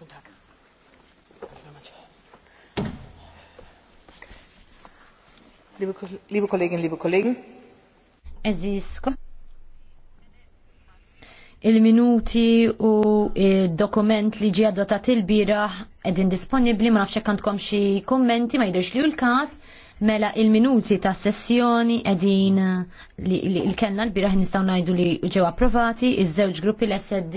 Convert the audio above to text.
Guten Liebe, liebe Kolleginnen, liebe Kollegen. Il-minuti u il-dokument li ġi adottat il-bira edin disponibli ma nafxek għandkom xi kommenti ma jidirx li l-kas mela il-minuti ta' sessjoni edin li, li, li kellna l-bira nistaw najdu li ġew approvati iż-żewġ gruppi l-SD